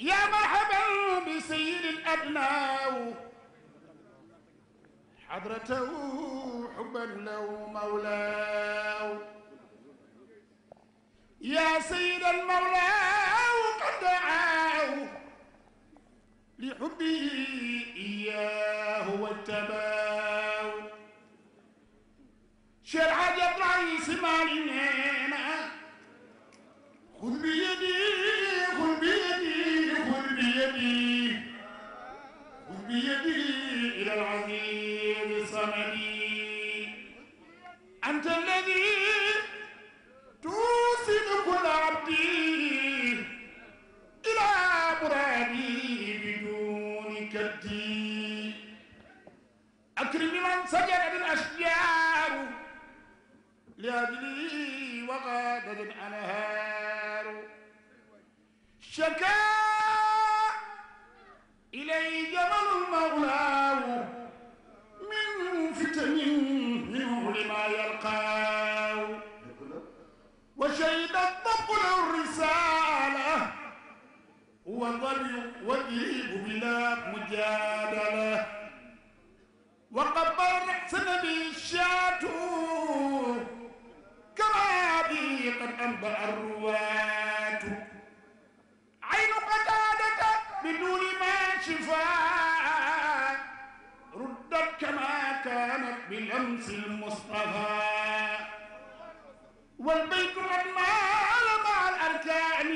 يا مرحبا بسيد الأبناء حضرته حبا له مولاه يا سيد المولاه قد دعاه لحبه إياه واتباه شرع جبرائيل سمالنا خذ بيدي بيده إلى العظيم الصمد أنت الذي توصل كل عبدي إلى مرادي بدون كدي أكرم من سجد الأشجار لأجلي وغادر الأنهار شكاوى إلي جمل المولى من فتن منه لما يلقاه وشهد الضب له الرسالة وظل وجيب بلا مجادلة وقبل رأس نبي الشاة كما بي قد أنبأ الرواة عين قتادة بدون ما الشفاء ردت كما كانت بالأمس المصطفى والبيت رمال مع الأركان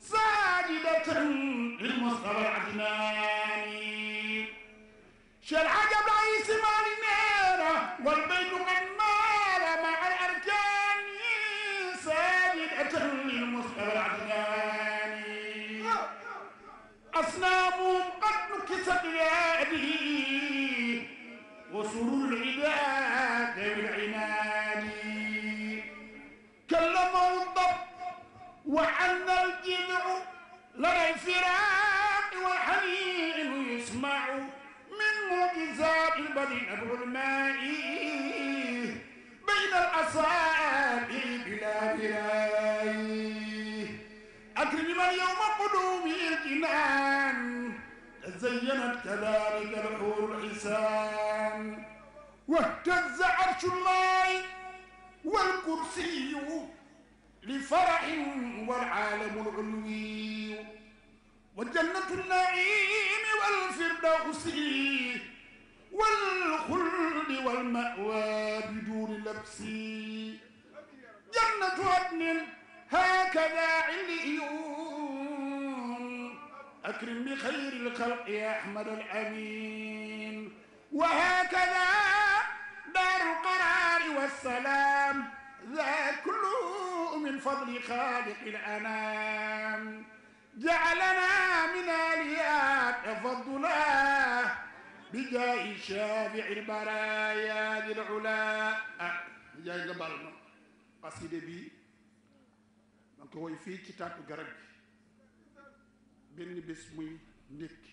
ساجدة للمصطفى العدناني شرعت بسبيابه وسرور العباد بالعناد كلمه الضب وعن الجمع لدى الفراق والحنين يسمع من معجزات البدن الظلماء بين الاصابع بلا بلاي اكرم اليوم قدومي الجنان زينت كذلك الحور الحسان واهتز عرش الله والكرسي لفرح والعالم العلوي وجنة النعيم والفردوس والخلد والمأوى بدون لبس جنة عدن هكذا عليون أكرم بخير الخلق يا أحمد الأمين وهكذا دار القرار والسلام ذا كله من فضل خالق الأنام جعلنا من آليات تفضله بجاه شافع البرايا ذي العلا جاي قبلنا قصيدة بي من كوي في كتاب قرب benn bés muy ndékki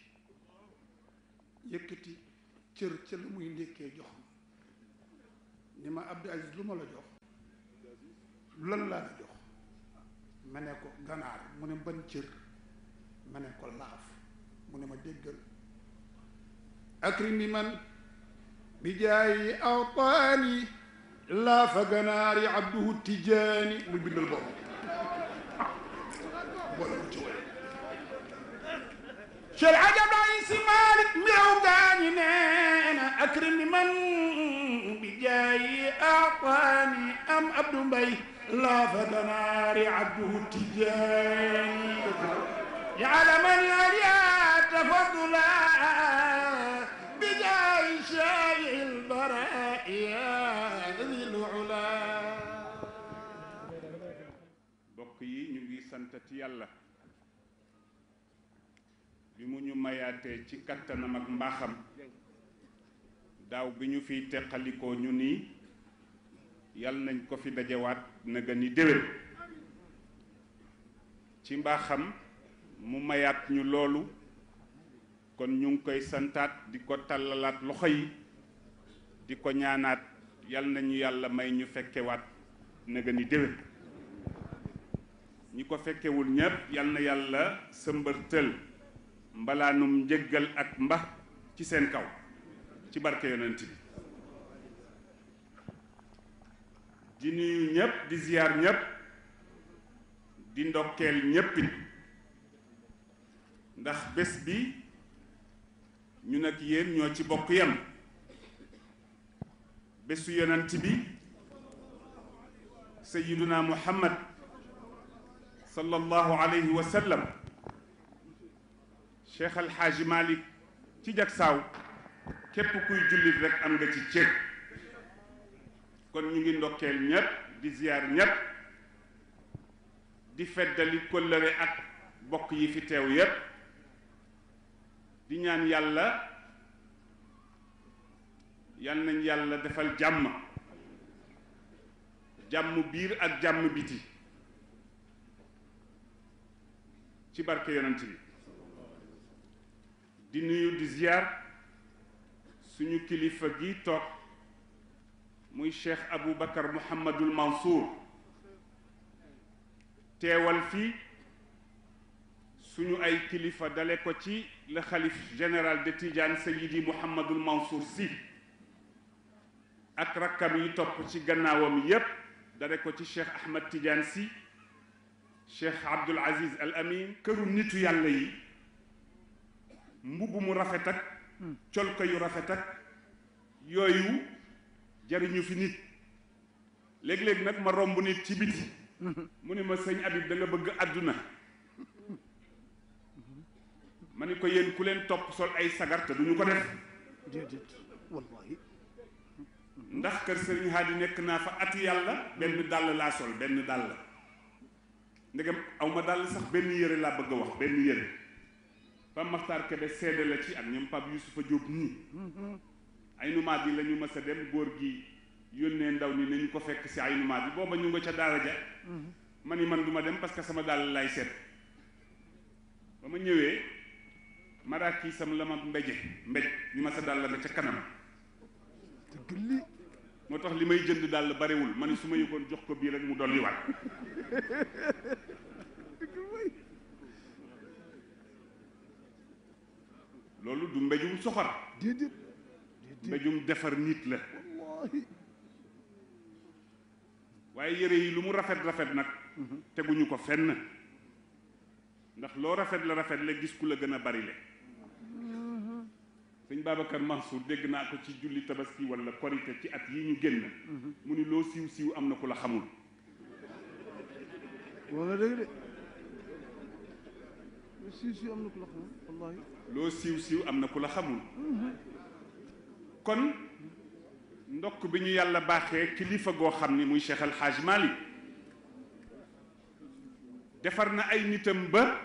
yëkkati cër ca la muy ndékkee jox ni ma Abdou Aziz lu ma la jox lan laa la jox ma ne ko ganaar mu ne ban cër ma ne ko laaf mu ne ma déggal akrimi man bi jaayi awtaani laafa ganaari abduhu tijaani mu bindal boobu Cheikh Ajab Laay Si Maalik mbeew gaañi neena akrim bi man bi jaayi aataani am Abdou Mbaye laa fatanaari abduhu tijaani yaalaman aliyaa tafadula bi jaayi shaayi lbaraaya dil ula bokk yi ñu ngi santati yàlla mu ñu mayaate ci kattanam ak mbaaxam daaw bi ñu fiy teqalikoo ñu nii yal nañ ko fi dajewaat na gën ni déwén ci mbaaxam mu mayaat ñu loolu kon ñu ngi koy santaat di ko tàllalaat loxo yi di ko ñaanaat yal nañu yàlla may ñu fekkewaat na gën ni déwén ñi ko fekkewul ñépp yal na yàlla sëmbërtël mbalaanum njëggal ak mba ci seen kaw ci barke yonent bi di nuyu ñépp di ziyaar ñépp di ndokkeel ñépp ndax bés bi ñu nag yéen ñoo ci bokk yam bésu yonent bi sayyiduna muhammad sallallahu alayhi wa Cheikh Al Hadj Malick ci Jaksaaw képp kuy jullit rek am nga ci cër kon ñu ngi ndokkeel ñépp di ziyaar ñépp di feddali kóllëre ak bokk yi fi teew yépp di ñaan yàlla yal nañ yàlla defal jàmm jàmm biir ak jàmm biti ci barke yonent bi di nuyu di ziar suñu kilifa gi toog muy cheikh aboubacar mouhamadul mansour teewal fi suñu ay kilifa dale ko ci le xalif général de Tidiane Seyidi mouhamadul mansour si ak rakkam yi topp ci gannaawam yépp dale ko ci cheikh ahmad Tidiane si cheikh abdul aziz al amin këru nitu yàlla yi mbubb mu rafet ak hmm. colka yu rafet ak yooyu jariñu fi nit léeg-léeg nag ma romb nit ci biti mu ne ma sëñ Habib da bëgg àdduna ma ne ko yéen ku leen topp sol ay sagarte te duñu ko def déedéet wallahi ndax kër sëriñ Haadi nekk naa fa ati yàlla benn dàll laa sol benn dàll ndegam aw ma dàll sax benn yére laa bëgg a wax benn yére Pape Makhtar Kébé seede la ci ak ñoom Pape Youssoufa Diop nii ay numaat yi la ñu mës a dem góor gi yónnee ndaw ni nañu ko fekk si ay numaat yi booba ñu nga ca daara ma ni man du ma dem parce que sama dàll lay seet ba ma ñëwee maraakiisam la ma mbeje mbej ni ma sa dàll nga ca kanam moo tax li may jënd dàll barewul ma ne su ma yëgoon jox ko bii rek mu dolliwaat loolu du mbéjum soxor déedéet mbéjum defar nit la waaye yére yi lu mu rafet rafet nag mhm. teguñu ko fenn ndax loo rafet la rafet la gis ku la gën a bari le mhm. sëñ Babacar Mansour dégg naa ko ci julli tabaski wala korite ci at yi ñu génn mhm. mu ni loo siiw siiw am na ku la xamul loo siiw siiw am na ku la xamul am na ku la xamul. kon ndokk bi ñu yàlla baaxee kilifa goo xam ni muy Cheikh El Hadj defar na ay nitam ba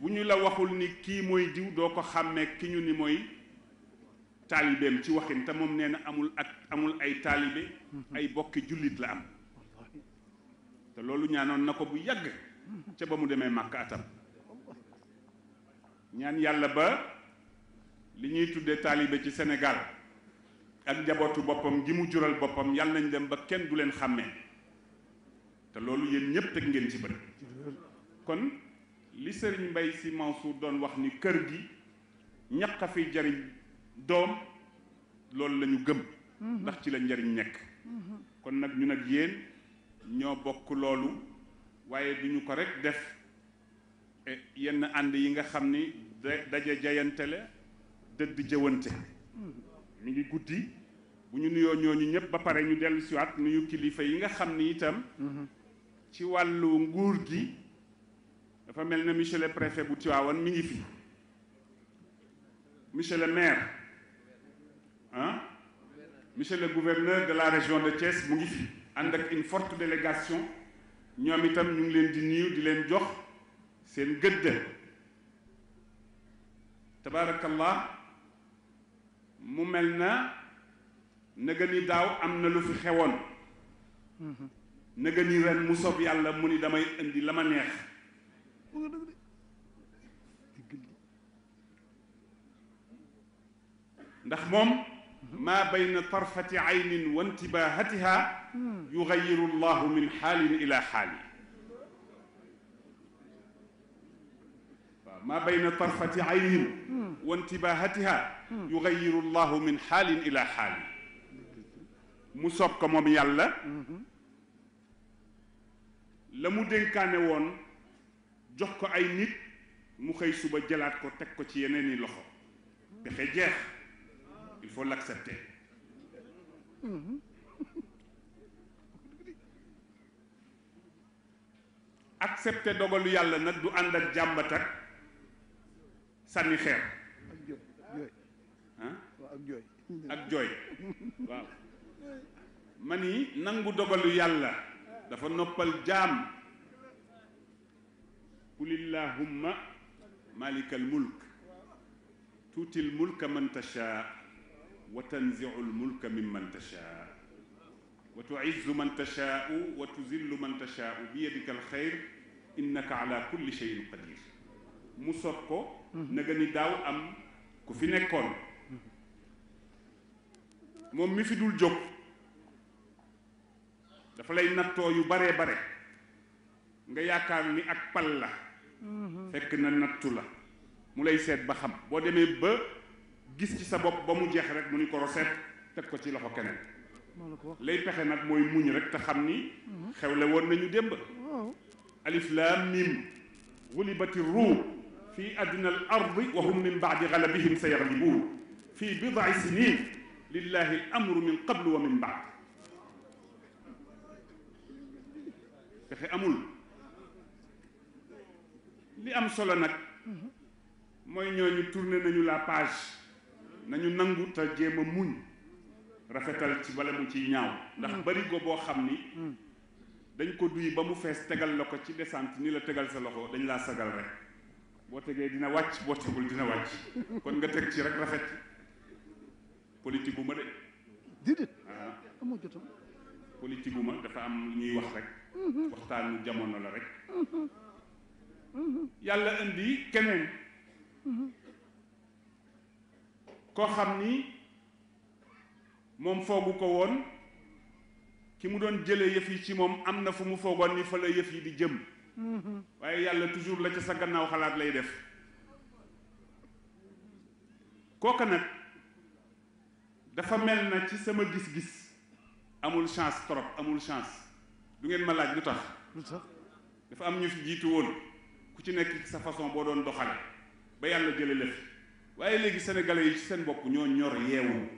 bu ñu la waxul ni kii mooy diw doo ko xàmmee ki ñu ni mooy taalibeem ci waxin te moom nee na amul ak amul ay taalibe ay bokki jullit la am te loolu ñaanoon na ko bu yàgg. ca ba mu demee màkk atam ñaan yàlla ba li ñuy tuddee taalibe ci senegaal ak jabootu boppam gi mu jural boppam yàlla nañ dem ba kenn du leen xàmmee te loolu yéen ñépp teg ngeen ci bët kon li sëriñ Mbay Si Mansour doon wax ni kër gi ñaq fi jariñ doom loolu lañu gëm mm-hmm. ndax ci la njariñ nekk mm-hmm. kon nag ñu nag yéen ñoo bokk loolu waaye du ñu ko rek def e, yenn ànd yi nga xam ni daje jayante la dëdd jëwante mu ngi guddi bu ñu nuyoo ñooñu ñëpp ba pare ñu dellu siwaat nuyu kilifa yi nga xam ni itam ci wàllu nguur gi dafa mel ne monsieur le préfet bu Tivaouane mi ngi fi monsieur le maire ah monsieur le gouverneur de la région de Thiès mu ngi fi ànd ak une forte délégation ñoom itam ñu ngi leen di nuyu di leen jox seen gëdd tabaarakallah mu mel na naga ni daaw am na lu fi xewoon mhm. naga ren mu sob yàlla mu ni damay indi la ma neex ndax moom maa bayna tarfati aynin wa intibahatiha yugayiru llahu min xaalin ila xaali waaw maa bayna tarfati aynin wa intibahatiha yugayiru llahu min xaalin ila xaali mu sob ko moom yàlla la mu dénkaane woon jox ko ay nit mu xëy suba jëlaat ko teg ko ci yeneen i loxo pexe jeex il faut l'accepter. accepter dogalu yàlla nag du ànd ak jàmbat ak sànni xeer. ak jooy ak jooy nangu dogalu yàlla dafa noppal jaam qulillahumma malikal mulk tuutil mulka man tashaa wa tanziu lmulka mimman tachaa wa tuizzu man tachaau wa tuzillu man tachaau bi yadika alxayr innaka ala kulli cheyin qadir mu sot ko mhm. naga ni daaw am ku fi nekkoon moom mi fi dul jóg dafa lay nattoo yu baree bare nga yaakaar ni ak pal la mhm. fekk na nattu la mu lay seet ba xam boo demee ba gis ci sa bopp ba mu jeex rek mu ni ko roseet teg ko ci loxo keneen lay pexe nag mooy muñ rek te xam ni mhm. xewle woon nañu démb alif laam mim gulibati ruum fi adna al ardi wa hum min baadi galabihim sa yaglibuun fi bidai sinin lillahi al amru min qablu wa min baad pexe amul li am solo nag mhm. mooy ñooñu tourné nañu la page nañu nangu te jéem a muñ rafetal ci bala mu ci ñaaw ndax ko mm. boo xam ni mm. dañ ko duy ba mu fees tegal la ko ci descente ni la tegal sa loxo dañ laa sagal rek boo tegee dina wàcc boo tegul dina wàcc kon nga teg ci rek rafet politique bu ma de déedéet ah. amoo jotam bu ma dafa am ñuy wax rek mm-hmm. waxtaanu jamono la rek mm-hmm. Mm-hmm. yàlla indi keneen koo xam ni moom foogu ko woon ki mu doon jële yëf yi ci moom am na fu mu foogoon ni fa la yëf yi di jëm mm-hmm. waaye yàlla toujours la ca sa gannaaw xalaat lay def kooka nag dafa mel na ci sama gis-gis amul chance trop amul chance du ngeen ma laaj lu tax dafa am ñu fi jiitu woon ku ci nekk sa façon boo doon doxal ba yàlla jële lëf waaye léegi sénégalais yi ci seen bopp ñoo ñor yeewul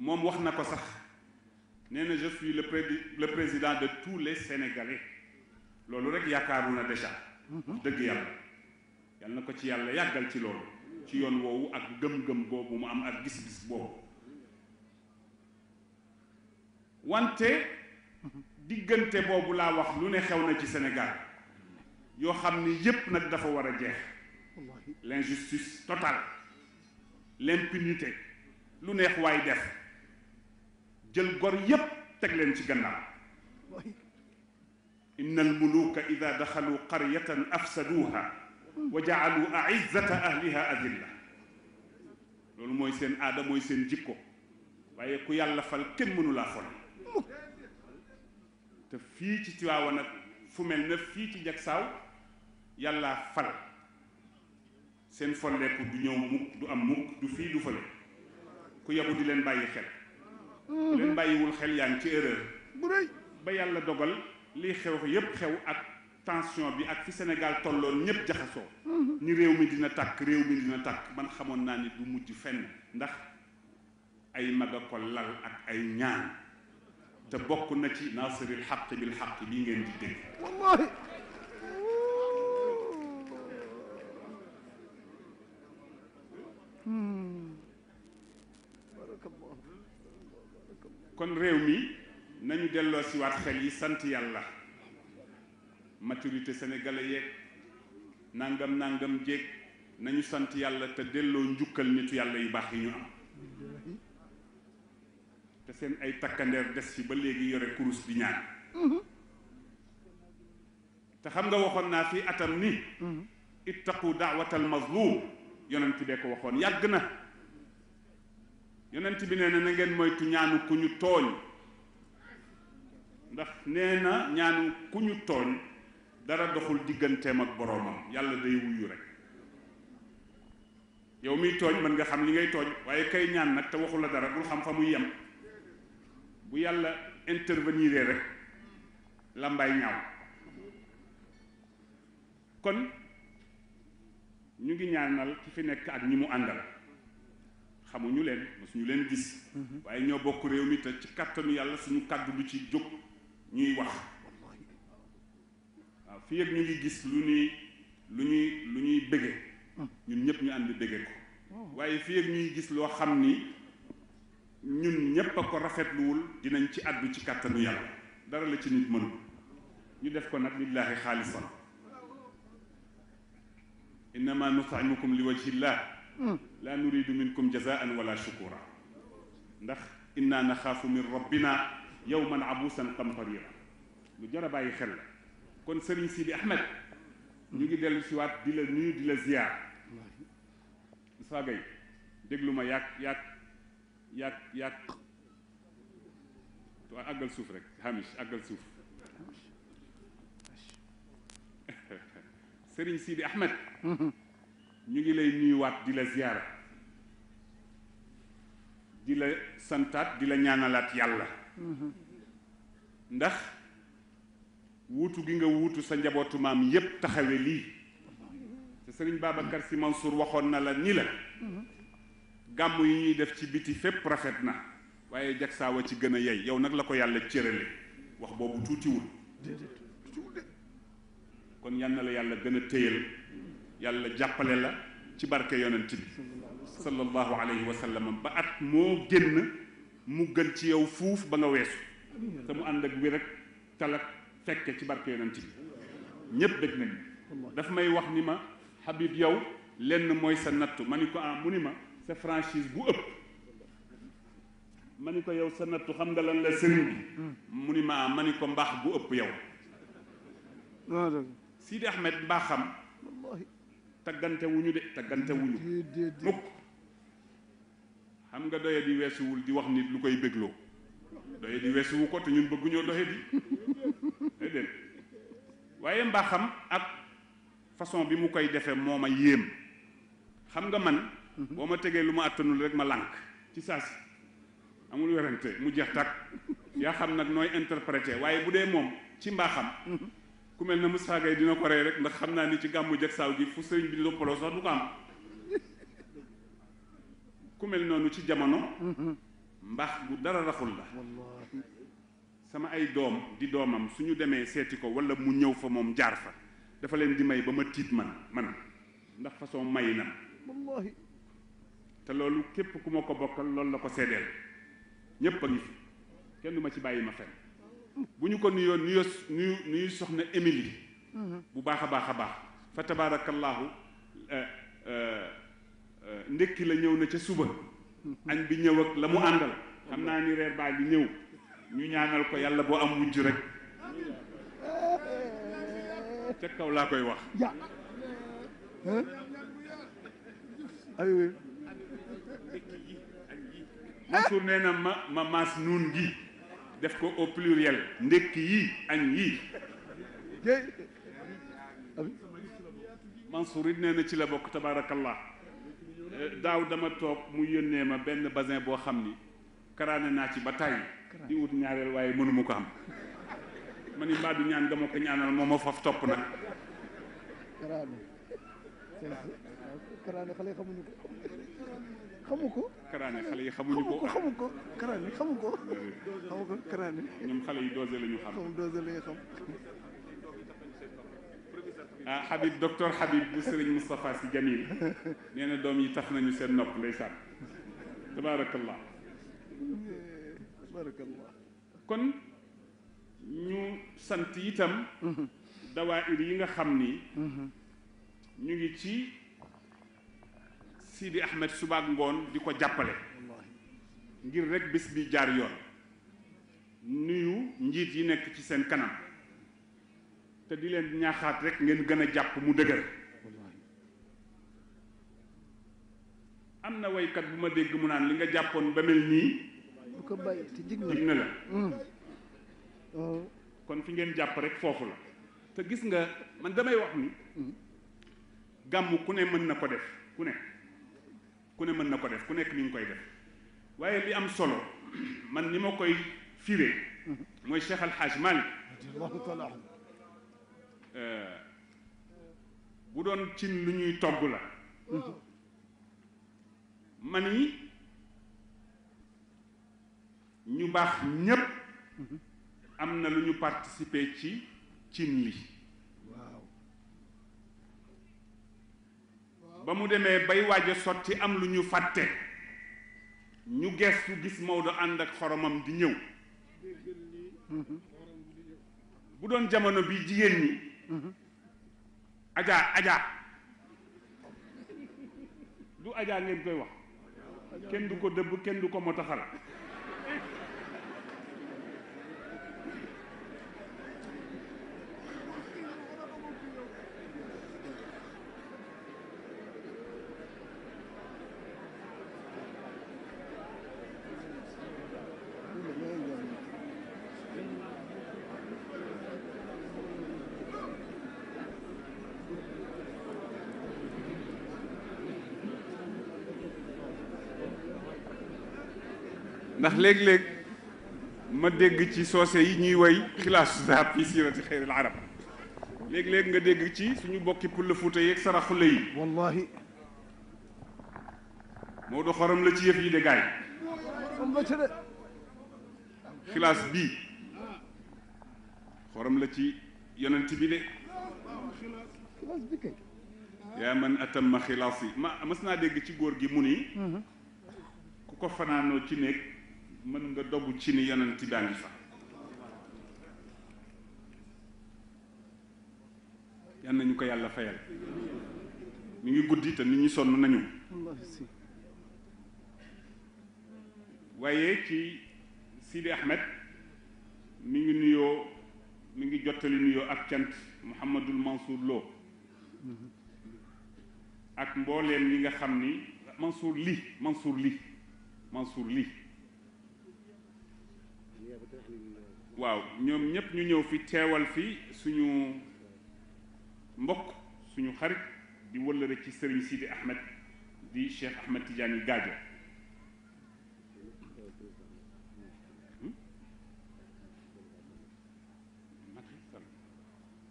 moom wax na ko sax nee na je suis président de tous les sénégalais loolu rek yaakaaru na déjà dëgg yàlla yàlla na ko ci yàlla yàggal ci loolu ci yoon woowu ak gëm-gëm boobu mu am ak gis-gis boobu wante diggante boobu laa wax lu ne xew na ci Sénégal yoo xam ni yépp nag dafa war a jeex l'injustice totale l'impunité lu neex waay def jël gor yépp teg leen ci gannaaw inna almuluka ida daxalu qaryatan afsaduha wa jaalu aizzata ahliha adilla loolu mooy seen aada mooy seen jikko waaye ku yàlla fal kenn mënulaa fol te fii ci Tiwaawan nag fu mel na fii ci Jaksaaw yàllaa fal seen folleeku bu ñëw mukk du am mukk du fii du fële ku yabu di leen bàyyi xel ku leen xel yaa ci erreur ba yàlla dogal liy xew yépp xew ak tension bi ak fi senegal tolloon ñépp jaxasoo ni réew mi dina tàkk réew mi dina tàkk man xamoon naa ni du mujj fenn ndax ay mag a ko lal ak ay ñaan te bokk na ci naasiril xaq bil xaq bi ngeen di dégg kon réew mi nañu delloo si waat xel yi sant yàlla maturité sénégalais yeeg nangam nangam jéeg nañu sant yàlla te delloo njukkal nitu yàlla yu baax yi ñu am te seen ay takkandeer des ci ba léegi yore kurus di ñaan te xam nga waxoon naa fi atam ni ittaqu daawatal mazlum yonent bee ko waxoon yàgg na yonent bi nee na na ngeen moytu ñaanu ku ñu tooñ ndax nee na ñaanu ku ñu tooñ dara doxul digganteem ak boroomam yàlla day wuyu rek yow miy tooñ mën nga xam li ngay tooñ waaye kay ñaan nag te waxu la dara bul xam fa muy yem bu yàlla intervenir rek lambaay ñaaw kon ñu ngi ñaanal ki fi nekk ak ñi mu àndal xamuñu leen mosuñu leen gis mhm. waaye ñoo bokk réew mi te ci kàttanu yàlla suñu kàddu du ci jóg ñuy wax waaw fii ñu ngi gis lu ñuy lu ñuy lu ñuy bëgge mm. ñun ñëpp ñu ànd bëgge ko oh. waaye fii ak ñuy gis loo xam ni ñun ñépp a ko rafetluwul dinañ ci àddu ci kàttanu yàlla dara la ci nit mënu ñu def ko nag lillaahi xaalisam innama nut'imukum li wajhillah la nuridu minkum jazaan wala shukura ndax inna naxaafu min rabbina yawman abuusan qamtarira lu jar a bàyyi xel la kon sëriñ Sidi Ahmed ñu ngi dellu si waat di la nuyu di la ziyaar Moussa Gueye déglu ma yàgg yàgg yàgg yàgg waa àggal suuf rek Hamish àggal suuf Serigne Sidi Ahmed. Mhm. ñu ngi lay nuyuwaat di la ziyaara di la santaat di la ñaanalaat yàlla mhm. ndax wuutu gi nga wuutu sa njabootu maam yépp taxawe lii te Serigne Babacar Sy Mansour waxoon na la ni la mhm. gàmm yi ñuy def ci biti fépp rafet na waaye jagsaawa ci gën a yey yow nag la ko yàlla cërale wax boobu tuutiwul kon yal na la yàlla gën a téyal yàlla jàppale la ci barke yonent bi sallallahu alayhi wa sallam ba at moo génn mu gën ci yow fuuf ba nga weesu te mu ànd ak wér ak talak fekke ci barke yonent bi ñépp dëgg nañ daf may wax ni ma Habib yow lenn mooy sa nattu ma ni ko ah mu ni ma sa franchise bu ëpp ma ni ko yow sa nattu xam nga lan la sëriñ mu ni ma ah ma ni ko mbaax bu ëpp yow Sidi Ahmed mbaaxam taggante wuñu de taggante wuñu mukk xam nga doye di weesuwul di wax nit lu koy bégloo doye di weesuwu ko te ñun bëgguñoo doye di waaye mbaaxam ak façon bi mu koy defee moo ma yéem xam nga man mhm. boo ma tegee lu ma àttanul rek ma lànk ci saa si amul werante mu jeex tàkk yaa xam nag nooy interprété waaye bu dee moom ci mbaaxam mhm. ku mel ne Moustapha Gaye dina ko rey rek ndax xam naa ni ci gàmmu jag saaw gi fu sëriñ bi di noppaloo sax du ko am ku mel noonu ci jamono mbaax gu dara raxul la sama ay doom di doomam suñu demee seeti ko wala mu ñëw fa moom jaar fa dafa leen di may ba ma tiit man man ndax façon may na wallahi te loolu képp ku ma ko bokkal loolu la ko seddeel ñépp a ngi fi kenn ma ci bàyyi ma fen bu ñu ko nuyoo nuyoo nuyu nuyu soxna Émilie bu baax a baax a baax fa tabaarakallaahu eh, eh, ndékki la ñëw na ca suba añ bi ñëw la mu àndal xam naa ni reer baa ngi ñëw ñu ñaanal ko yàlla boo am wujj rek ca kaw laa koy wax Mansour nee na ma ma maas nuun gi def ko au pluriel ndekki yii añ yii Mansour it nee ci la bokk tabaarakallah eh, daaw dama toog mu yónnee ma benn basin boo xam ni karaane naa ci ba tàyyi di wut ñaareel waaye mënu ko am ma ni mbaa du ñaan dama ko ñaanal moo ma faf topp nag karaane xale xamuñu ko xamu ko. karaane xale yi xamuñu ko xamu ko karaane xamu ko. xamu ko karaane. ñoom xale yi dosé la ñu xam. xamu dosé la ñu xam. ah Habib docteur Habib bu Serigne Moustapha Sy Jamil nee na doom yi tax nañu seen nopp ndeysaan tabaarakallah tabaarakallah kon ñu sant itam mm-hmm. dawaayir yi nga xam ni mm-hmm. ñu ngi ci Sidi Ahmed subaak ngoon di ko jàppale ngir rek bés bi jaar yoon nuyu njiit yi nekk ci seen kanam te di leen ñaaxaat rek ngeen gën a jàpp mu dëgër am na waykat bu ma dégg mu naan li nga jàppoon ba mel nii bu jig na la mm. oh. kon fi ngeen jàpp rek foofu la te gis nga man damay wax ni mm. gàmm ku ne mën na ko def ku ne ku ne mën na ko def ku nekk mi ngi koy def waaye li am solo man ni ma koy firee mooy Cheikh Al Hadj Malick euh, bu doon cin lu ñuy togg la man yi ñu baax ñépp am na lu ñu participer ci cin li ba mu demee bay waaja a sotti am lu ñu fàtte ñu gestu gis Maodo ànd ak xoromam di ñëw bu doon jamono bi jigéen ñi ajaa ajaa du ajaa ngeen koy wax kenn du ko dëbb kenn du ko motaxal ndax léeg-léeg ma dégg ci soose yi ñuy woy xilaasu zahab fi siirati xeyril arab léeg-léeg nga dégg ci suñu bokki pulla fuuta yeeg saraxule yi wallahi Maodo xorom la ci yëf yi de gaay xilaas bii xorom la ci yonent bi de yaa man atam ma xilaas yi ma mas naa dégg ci góor gi mu ni mhm. ku ko fanaanoo ci néeg mën nga dogu ci ni yeneen ci ngi sax yan nañu ko yàlla fayal mu ngi guddi te ni ñu sonn nañu waaye ci Sidi Ahmed mi ngi nuyoo mi ngi jottali nuyoo ak cant Mouhamadul Mansour Lo ak mbooleem yi nga xam ni Mansour li Mansour li Mansour li waaw ñoom ñépp ñu ñëw fi teewal fi suñu mbokk suñu xarit di wëllëre ci sëriñ Sidi Ahmed di Cheikh Ahmed Tidiane Gadio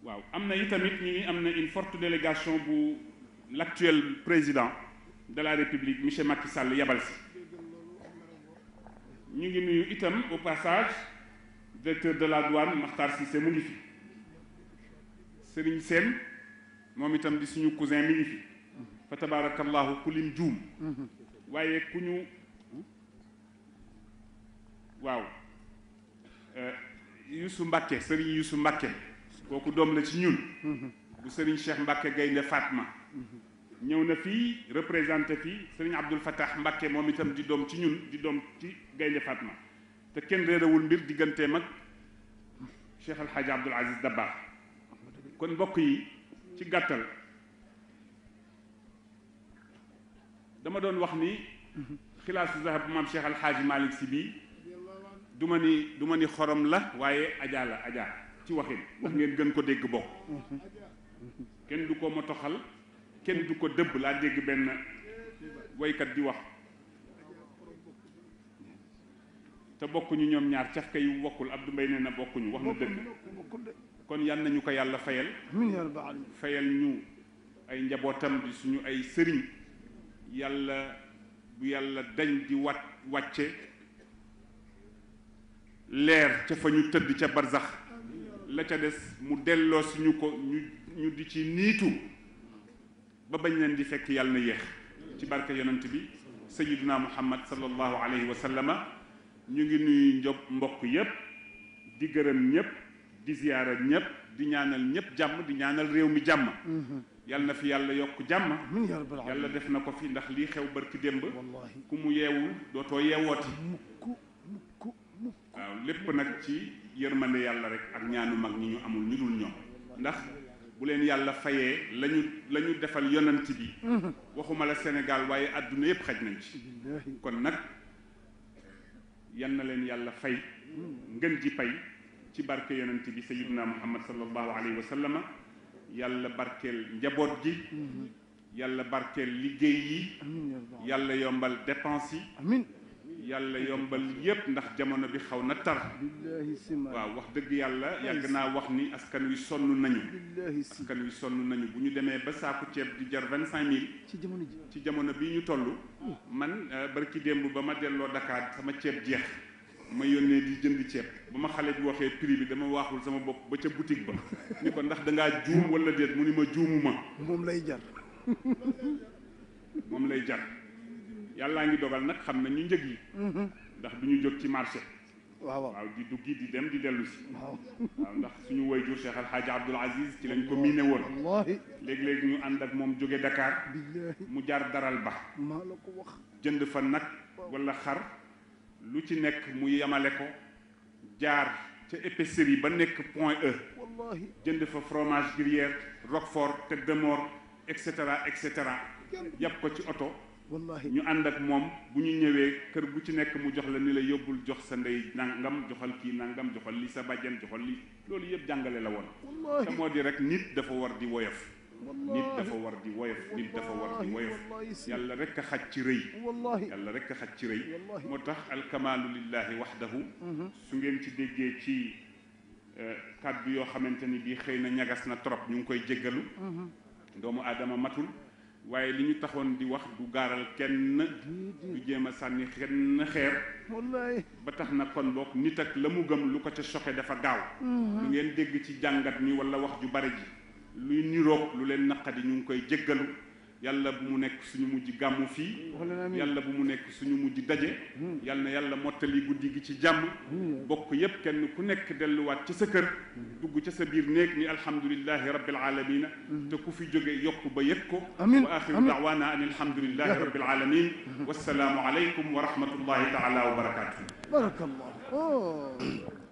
waaw am na itamit ñu ngi am na une forte délégation bu l'actuel président de la République monsieur Macky Sall yabal si ñu ngi nuyu itam au passage directeur de la douane Makhtar Cissé mu ngi fi Serigne seen moom itam di suñu cousin mi ngi fi fa tabarakallahu ku lim juum waaye ku ñu waaw euh, Youssou Mbacké Serigne Youssou Mbacké kooku doom la ci ñun mm-hmm. bu Serigne Cheikh Mbacké Gaynde Fatma mm-hmm. ñëw na fii représenté fii sëriñ Abdul Fattah Mbakke moom itam di doom ci ñun di doom ci Gaynde Fatma te kenn réerewul mbir diggantee mag Cheikh El Hadj Aziz Dabakh kon mbokk yi ci gàttal dama doon wax ni xilaasu zahab bu maam Cheikh El Hadj si bii du ma ni du ma ni xorom la waaye ajaala la ci waxin ndax ngeen gën ko dégg bokk kenn du ko ma kenn du ko dëbb laa dégg benn woykat di wax te bokkuñu ñoom ñaar caf ka yu bokkul Abdou Mbaye nee na bokkuñu wax na dëgg kon yal nañu ko yàlla fayal fayal ñu ay njabootam di suñu ay sëriñ yàlla bu yàlla dañ di wat wàcce leer ca fa ñu tëdd ca barzax la ca des mu delloo suñu ko ñu ñu di ci niitu ba bañ leen di fekk yàlla na yéex ci barke yonent bi sayiduna muhammad sallallahu alayhi wa sallama ñu ngi nuyu njob mbokk yépp di gërëm ñépp di ziyaara ñépp di ñaanal ñépp jàmm di ñaanal réew mi jàmm mm-hmm. yàlla na fi yàlla yokk jàmm yàlla def na ko fi ndax lii xew barki démb ku mu yeewul dootoo yeewooti waaw lépp nag ci yërmande yàlla rek ak ñaanu mag ñi ñu amul ñu dul ñoom ndax bu leen yàlla fayee lañu la defal yonant bi mhm. waxuma la Sénégal waaye àdduna yëpp xaj nañ ci kon nag yan na leen yàlla fay ngën ji pay ci barke yonant bi sayidna muhammad sallallahu alayhi wa sallama yàlla barkeel njaboot gi mhm. yàlla barkeel liggéey yi yàlla yombal dépense yi yàlla yombal yépp ndax jamono bi xaw na tar waaw wax dëgg yàlla yàgg naa wax ni askan wi sonn nañu askan wi sonn nañu bu ñu demee ba saaku ceeb di jar vingt cinq ci jamono ci jamono bi ñu toll mm. man euh, barki démb ba ma delloo dakaat sama ceeb jeex ma yónnee di jënd ceeb ba ma xale bi waxee prix bi dama waaxul sama bopp ba ca boutique ba ni ko ndax dangaa juum walla déet mu ni ma juumu ma moom lay jar moom lay jar yàllaa ngi dogal nag xam na ñu njëg yi mhm. ndax du ñu jóg ci marché waaw waaw di duggi di dem di dellu waaw ndax suñu woy jur Cheikh Alxaaji Abdoul Aziz ci lañ ko oh, miine woon léeg-léeg ñu ànd ak moom jóge Dakar mu jaar daral ba maa ko wax jënd fa nag walla xar lu ci nekk mu yemale ko jaar ca épicerie ba nekk point E jënd fa fromage gruyère roquefort tête de mort et cetera et cetera yàpp ko ci oto wallahi ñu ànd ak moom bu ñu ñëwee kër bu ci nekk mu jox la ni la yóbbul jox sa ndey nangam joxal kii nangam joxal li sa bàjjan joxal li loolu yëpp jàngale la woon te moo di rek nit dafa war di woyof nit dafa war di woyof dafa war di yàlla rek a xaj ci rëy yàlla rek xaj ci rëy moo tax alkamaalu lillahi waxdahu mhm. su ngeen ci déggee ci euh, kàddu yoo xamante ni bii xëy na ñagas na trop ñu ngi koy jéggalu mhm. doomu aadama matul waaye li ñu taxoon di wax du gaaral kenn du jéem a sànni xenn xeer ba tax na kon boog nit ak la mu gëm lu ko ca choqué dafa gaaw mm-hmm. lu ngeen dégg ci jàngat mi wala wax ju bari ji luy niroog lu leen naqadi ñu ngi koy jéggalu yàlla bu mu nekk suñu mujj gàmmu fii yàlla bu mu nekk suñu mujj daje hmm. yàlla na yàlla mottali guddi gi ci jàmm hmm. bokk yépp kenn ku nekk delluwaat ca sa kër hmm. dugg ca sa biir néeg ni alhamdulillahi rabbil alamina te ku fi jóge yokk ba yëg ko wa axiru daawana an alhamdulillahi rabbil alamin wassalaamu aleykum wa rahmatullahi taala wa barakatuh barakallah oh.